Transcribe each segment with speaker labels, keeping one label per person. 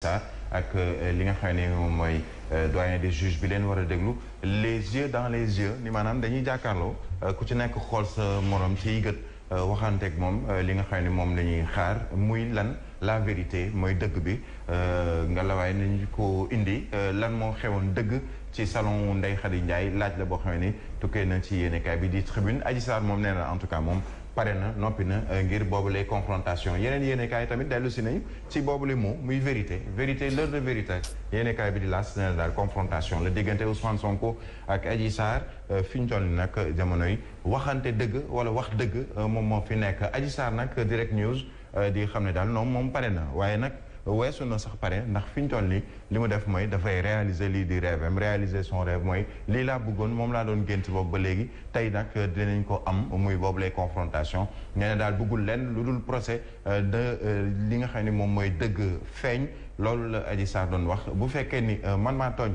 Speaker 1: ak euh, li nga xam ne moom mooy euh, doyen des juges bi leen war a déglu les yeux dans les yeux ni maanaam dañuy jàkkaarloo euh, ku ci nekk xool sa morom ci gët waxanteeg moom li nga xam ni moom lañuy xaar muy lan la vérité mooy dëgg bi nga lawaay nañu ko indi lan moo xewoon dëgg ci salon Ndeye Khady Ndiaye laaj la boo xam ne tukkee na ci yéenekaay bi di tribune Adji Sarr moom nee na en tout cas moom pare na noppi na euh, ngir boobule confrontation yeneen yéenekaay yi tamit dellu si nañu ci boobu boobule mot muy vérité vérité l'heure de vérité yéenekaay bi di laas nee na daal confrontation la diggante Ousmane Sonko ak Adji saar euh, fi ñu toll nii nag jamono yi waxante dëgg wala wax dëgg euh, moom moo fi nekk Adji Sarr nag direct news di xam ne daal non moom pare na waaye nag. weesu na sax pare ndax fi toll nii li mu def mooy dafay réaliser lii di rêve réaliser son rêve mooy lii laa bëggoon moom laa doon gént boobu ba léegi tey nag dinañ ko am muy boobu lay confrontation nee daal bëggul lenn lu dul procès euh, de euh, li nga xam ne moom mooy dëgg feeñ loolu la Adji Sarr doon wax bu fekkee ni euh, man maa tooñ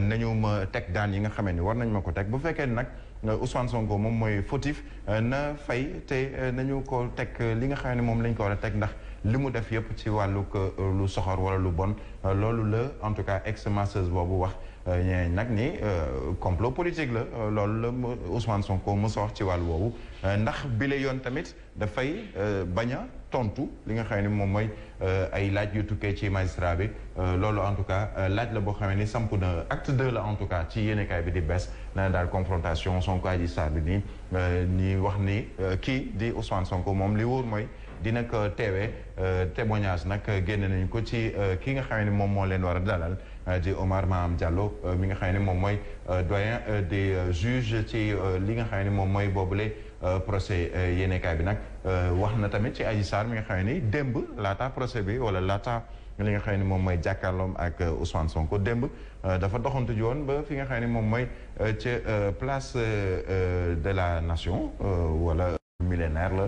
Speaker 1: nañu ma teg daan yi nga xamee ni war nañ ma ko teg bu fekkee ni nag Ousmane Sonko moom mooy fautif na fay te nañu ko teg li nga xam ne moom lañ ko war a teg ndax li mu def yëpp ci wàllu euh, lu soxor wala lu bon euh, loolu la en tout cas ex masseuse boobu wax euh, ñee nag ni complot politique la loolu la Ousmane Sonko mu sox ci wàllu woowu ndax bile yoon tamit dafay bañ a tontu li nga xam ni moom mooy ay laaj yu tukkee ci magistrat bi loolu en tout cas laaj la boo xamee ni samp na acte deux la en tout cas ci yéenekaay bi di bees na daal confrontation Sonko Adji Sarr bi nii ni wax ni kii di Ousmane Sonko moom li wóor mooy dina ko teewee euh, témoignage nag euh, génne nañu ko ci euh, ki nga xam ni moom moo leen war a dalal di Omar am Diallo mi nga xam ne moom mooy doyen des juges ci li nga xam ne moom mooy boobule procès yéenekaay bi nag wax na tamit ci Adji Sarr mi nga xam ni démb laata procès bi wala laata li nga xam ni moom mooy jàkkaarloom ak Ousmane Sonko démb dafa doxantu ji woon ba fi nga xam ne moom mooy ca place de la nation wala millénaire la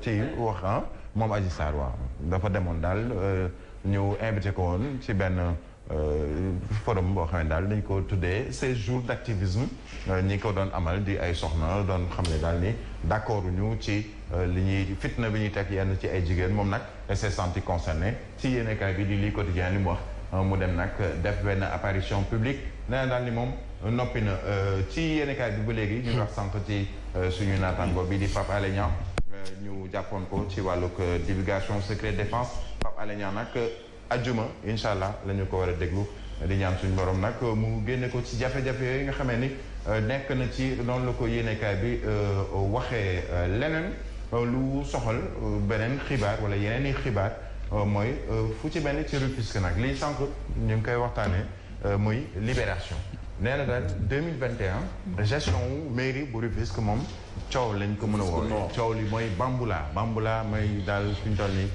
Speaker 1: ci wax moom Adji Sarr dafa demoon daal euh, ñu invité ko woon ci benn euh, forum boo xam ne daal dañ ko tuddee ces jours d' activisme euh, ñi ko doon amal di ay soxna doon xam ne daal ni d' accord ñu ci li ñuy fitna bi ñuy teg yenn ci ay jigéen moom nag s'est senti concerné ci yéenekaay bi di lii quotidien li mu wax mu dem nag def benn apparition publique nee na daal ni moom noppi na ci yéenekaay bi bu léegi ñu wax sànq ci suñu naataango bi di Pape Alé ñu jàppoon ko ci wàllug euh, divulgation secret défense Pape Alé Niang nag euh, ajuma incha allah lañu ko war a déglu di ñaan suñu borom nag euh, mu génne ko ci jafe-jafe yooyu nga xamee ni nekk na ci noonu la ko yéenekaay bi waxee leneen lu soxal beneen xibaar wala yeneen i xibaar mooy fu ci benn ci Rufisque nag lii sànq ñu ngi koy waxtaanee muy libération. nee na daal deux mille vingt et gestion wu mairie bu Rufisque moom coow lañ ko mën a woo coow li mooy bambula bambula mooy daal suñu toll ni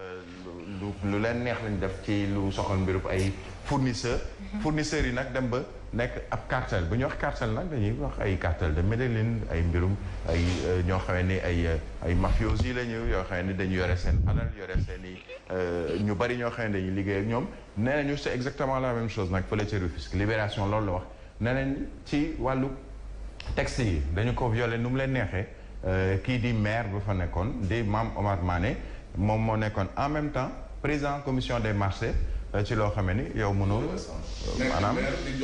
Speaker 1: euh, lu leen neex lañ def ci lu soxal mbirub ay fournisseur mhm. fournisseurs yi nag dem ba nekk ab cartel bu ñu wax cartel nag dañuy wax ay cartel de Medellin ay mbirum ay euh, ñoo xamee ni ay euh, ay mafiosi yi la ñu yoo xamee ni dañu yore seen alal yore seen i euh, ñu bari ñoo xamee ne dañuy liggéey ak ñoom nee ñu c'est exactement la même chose nag fële ca Rufisque libération loolu la wax nee nañ ci wàllu texte yi dañu ko violé nu mu leen neexee kii di maire bu fa nekkoon di Mame Omar Mané moom moo nekkoon en même temps président commission des marché Euh, ci loo xamee ni yow mënoo maanaam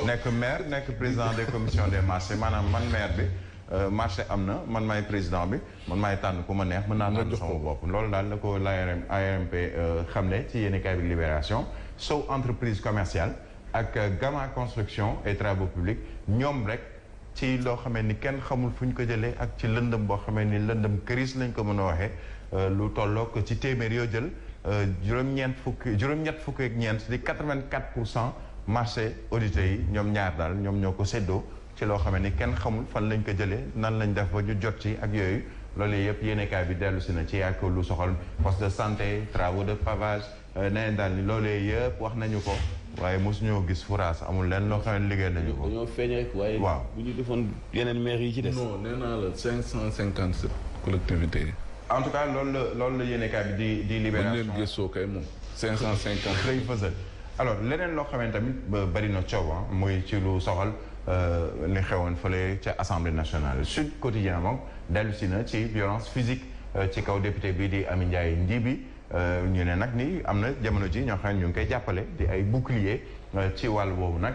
Speaker 1: nekk maire nekk président des commissions de marchés maanaam man maire bi euh, marché am na man maay président bi man may tànn ku ma neex mën naa tànn sama bopp loolu daal la ko l'ARM ARMP euh, xam ne ci yéenekaay bi Libération Sow entreprise commerciale ak Gama construction et travaux publics ñoom rek ci loo xamee ni kenn xamul fu ñu ko jëlee ak ci lëndëm boo xamee ni lëndëm këris lañ ko mën a waxee lu tollook ci téeméer yoo jël juróom-ñeent fukk juróom-ñett fukk ak ñeent di 84 pour cent marché auditeurs yi ñoom ñaar daal ñoom ñoo ko seddoo ci loo xam ni kenn xamul fan lañ ko jëlee nan lañ def ba ñu jot ci ak yooyu loolu yëpp yéenekaay bi dellu si na ci ak lu soxal poste de santé travaux de pavage neneen euh, daal ni loolu yëpp wax nañu ko waaye mosuñoo gis fouraas amul leen loo xam ne liggéey nañu ko. ñoo feeñ rek waaye. waaw bu ñu defoon yeneen maire yi ci des. non nee naa la 557 collectivités yi. en tout cas loolu la loolu la yéenekaay bi di di libération bu leen gëstoo kay moom. 550 xëy fësal alors leneen loo xamante tamit ba bari na coow muy ci lu soxal euh, li xewoon fële ca assemblée nationale Sud Quotidien moom dellusi na ci violence physique euh, ci kaw député bii di Amy Ndiaye Ndibi euh, ñu ne nag ni am na jamono ji ñoo xam ñu ngi koy jàppale di ay bouclier ci wàll boobu nag.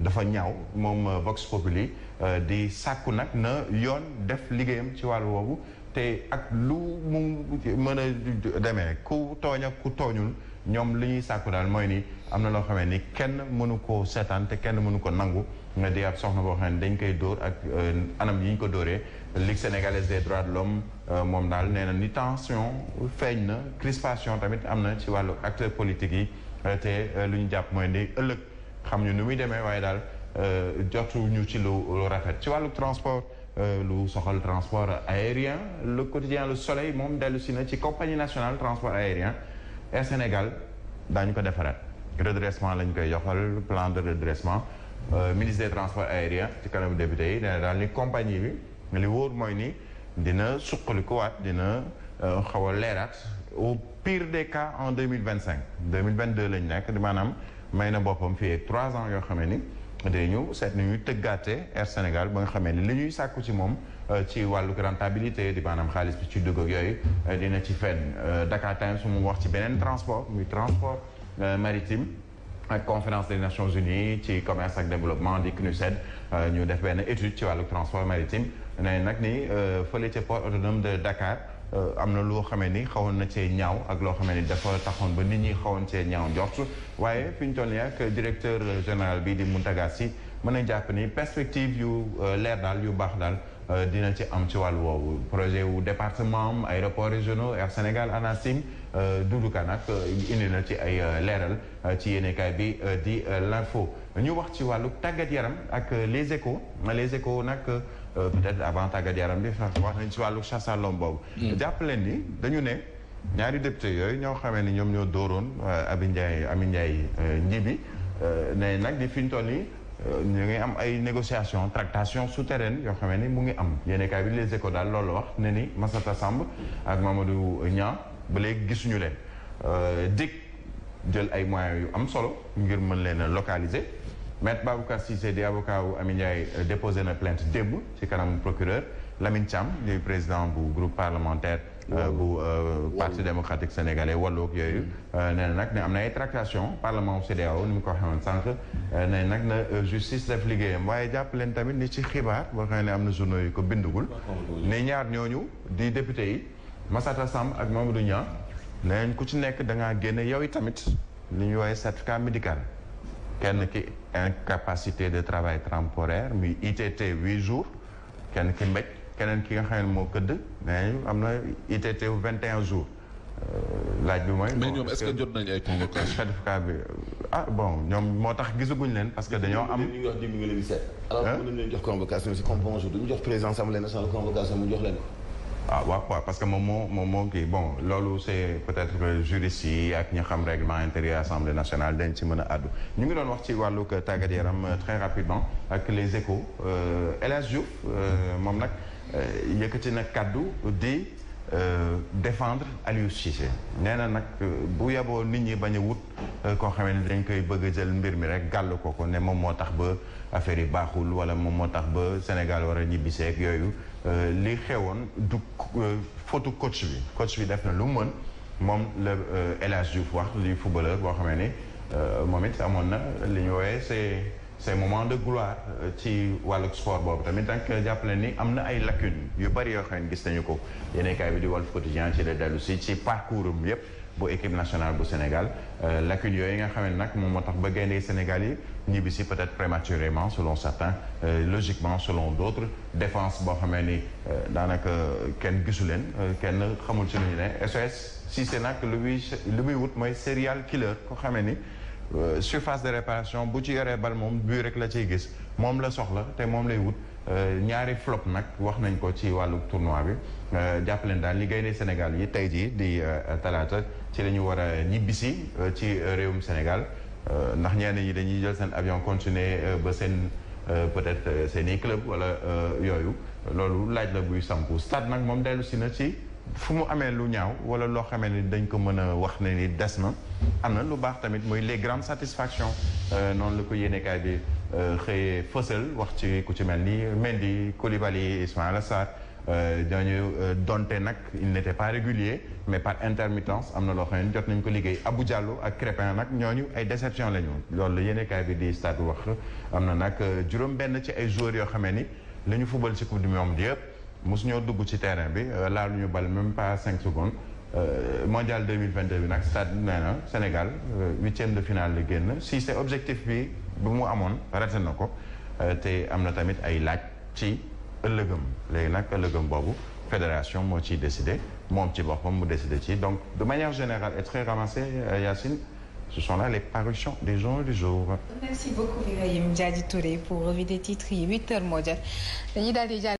Speaker 1: dafa ñaaw moom euh, Vox Populi euh, di sàkku nag na yoon def liggéeyam ci wàll woowu te ak lu mu mën a demee ku tooñ ku tooñul ñoom li ñuy sàkku daal mooy nii am na loo xamee ni kenn mënu ko seetaan te kenn mënu ko nangu nga di ab soxna boo xam ne dañ koy dóor ak euh, anam yi ñu ko dóoree Ligue sénégalaise des droits de l'homme moom daal nee na ni tension feeñ na crispation tamit am na ci wàllu acteur politiques yi te lu ñu jàpp mooy ni ëllëg xam ñu nu muy demee waaye daal euh, jotu ñu ci lu lu rafet ci wàllu transport euh, lu soxal transport aérien le quotidien le soleil moom dellu si na ci compagnie nationale transport aérien Air Sénégal daañu ko defaraat redressement lañ koy yoxal plan de redressement euh, ministre des transports aériens ci kanamu député yi dana daal ni compagnie bi li wóor mooy nii dina suqalikuwaat dina xaw a leeraat au pire des cas en deux mille vingt cinq deux mille vingt deux lañ nekk di maanaam may na boppam fii trois ans yoo xam ni day ñëw seet nañu tëggaate Air Sénégal ba nga xamee ni li ñuy sàkku ci moom euh, ci wàllu rentabilité di maanaam xaalis bi ci dugg yooyu euh, dina ci fenn euh, Dakar su mu wax ci beneen transport muy transport maritime ak conférence des Nations Unies ci commerce ak développement di CNUSED ñu def benn étude ci wàllu transport maritime nee nag ni fële ca port autonome de Dakar Euh, am na loo xamee ni xawoon na cee ñaaw ak loo xamee ni dafa taxoon ba nit ñi xawoon cee ñaaw njort waaye fi ñu toll nii directeur général bi di Mountaga Sy mën a jàpp ni perspective yu euh, leer daal yu baax daal euh, dina ci am ci wàllu woowu projet wu département am aéroports régionaux Air Sénégal ANACIM Doudou Ka nag indi na ci ay leeral ci yéenekaay bi di l'info ñu wax ci wàllu tàggat yaram ak euh, les échos les échos nag euh, peut-être avant tàggat yaram bi sax wax nañ ci wàllu chasse à l'homme boobu. Hmm. jàpp leen di dañu ne ñaari député yooyu ñoo xamee ni ñoom ñoo dooroon euh, Abi Ndiaye Ami Ndiaye Ndibi ne nag di fi ñu toll nii ñu ngi am ay négociations tractations souterraines yoo xamee ni mu ngi am yéenekaay bi les échos daal loolu wax ne ni masata Samb ak Mamadou Niang ba léegi gisuñu leen dik jël ay moyens yu am solo ngir mën leen a localiser maître Babacar Cissé di avocat wu Amy Ndiaye euh, déposé na plainte démb ci kanam procureur Lamine Thiam di président bu groupe parlementaire euh, bu euh, parti démocratique sénégalais wàllu ak yooyu mm. nee na nag ne am na ay tractation parlement CEDEAO ni mu ko waxee woon sànq ne nag na justice def liggéeyam waaye jàpp leen tamit ni ci xibaar boo xam ne am na journaux yu ko bindagul ne ñaar ñooñu di député yi Massata Samb ak Mamadou Niang neen ku ci nekk da génne yow tamit nu ñuy woowee certificat médical kenn ki incapacité de travail temporaire muy ITT huit jours kenn ki mbéj keneen ki nga xam ne moo këdd mais am na ITT wu vingt et un jours euh, laaj bi mooy. mais ñoom que jot nañ ay convocation bi ah bon ñoom moo tax gisaguñ leen parce que dañoo am. ñu ngi wax dégg nga leen di seet. alors jox convocation si comme bonjour convocation mu jox leen ko. ah waaw quoi parce que moom moo moom moo kii bon loolu c'est peut-être juriste yi ak ñu xam règlement intérieur assemblée nationale dañ ci mën a àddu ñu ngi doon wax ci wàllug tàggat yaram euh, très rapidement ak les échos euh, El Hadj Diouf euh, moom nag yëkkati na kàddu di. Euh, defendre Aliou Cissé nee na nag euh, bu yaboo nit ñi bañ wut euh, koo xamee ne dañ koy bëgg a jël mbir mi rek gàll ko ko ne moom moo tax ba affaire yi baaxul wala moom moo tax ba Sénégal war a ñibbisee ak yooyu li xewoon du fautu coach bi coach bi def na lu mën moom la El Hadj Diouf wax li footballeur koo xamee ni moom it amoon na li ñu wooyee c'est c'est moment de gloire euh, ci wàllug sport boobu tamit donc euh, jàppale ni am na ay lacunes yu bari yoo xam ne gis nañu ko yéenekaay bi di Walf Quotidien ci la dellu si ci parcours am yépp bu équipe nationale bu Sénégal euh, lacunes yooyu nga xam ne nag moom moo tax ba gaynde Sénégal yi ñibbi si peut-être prématurément selon certains logiquement selon d'autres défense boo xamee ni daanaka kenn gisu leen kenn xamul si lu ne SOS si c'est nag lu muy lu muy wut mooy serial killer ko xamee ni Euh, surface de réparation bu ci yoree bal moom bii rek la ciy gis moom la soxla te moom lay wut euh, ñaari flop nag wax nañ ko ci wàllu tournoi bi euh, jàppaleen daal li gaynde Sénégal yi tey jii di talaata ci la ñu war a ñibbisi ci réewum Sénégal ndax ñeen ñi dañuy jël seen avion continuer ba seen peut-être seen i club wala yooyu loolu laaj la buy sampu stade nag moom dellu si na ci fu mu amee lu ñaaw wala loo xamee ni dañ ko mën a wax ne ni des na am na lu baax tamit mooy les grandes satisfactions euh, noonu la ko yéenekaay bi euh, xëyee fësal wax ci ku ci mel ni Mendy Koulibaly Ismaïla Sarr euh, dañu donte nag il n'était pas régulier mais par intermittence am na loo xam ne jot nañ ko liggéey abu Diallo ak Crépin nag ñooñu ay déception la ñu loolu la yéenekaay bi di stade wax am na nag juróom benn ci ay joueurs yoo xamee ni la ñu fubal ci coupe du monde mosuñoo dugg ci terrain bi euh, ñu bal même pas cinq secondes euh, mondial 2022 bi nag stade nee na Sénégal euh, huitième de finale la génn si c'est objectif bi bu mu amoon raté na ko te am na tamit ay laaj ci ëllëgëm léegi nag ëllëgëm boobu fédération moo ciy décidé moom ci boppam mu décidé ci donc de manière générale et très ramassée Yacine ce sont là les parutions des journaux du jour. merci beaucoup Birahim Diadji Touré pour des titres yi huit heures moo jot dañuy daal di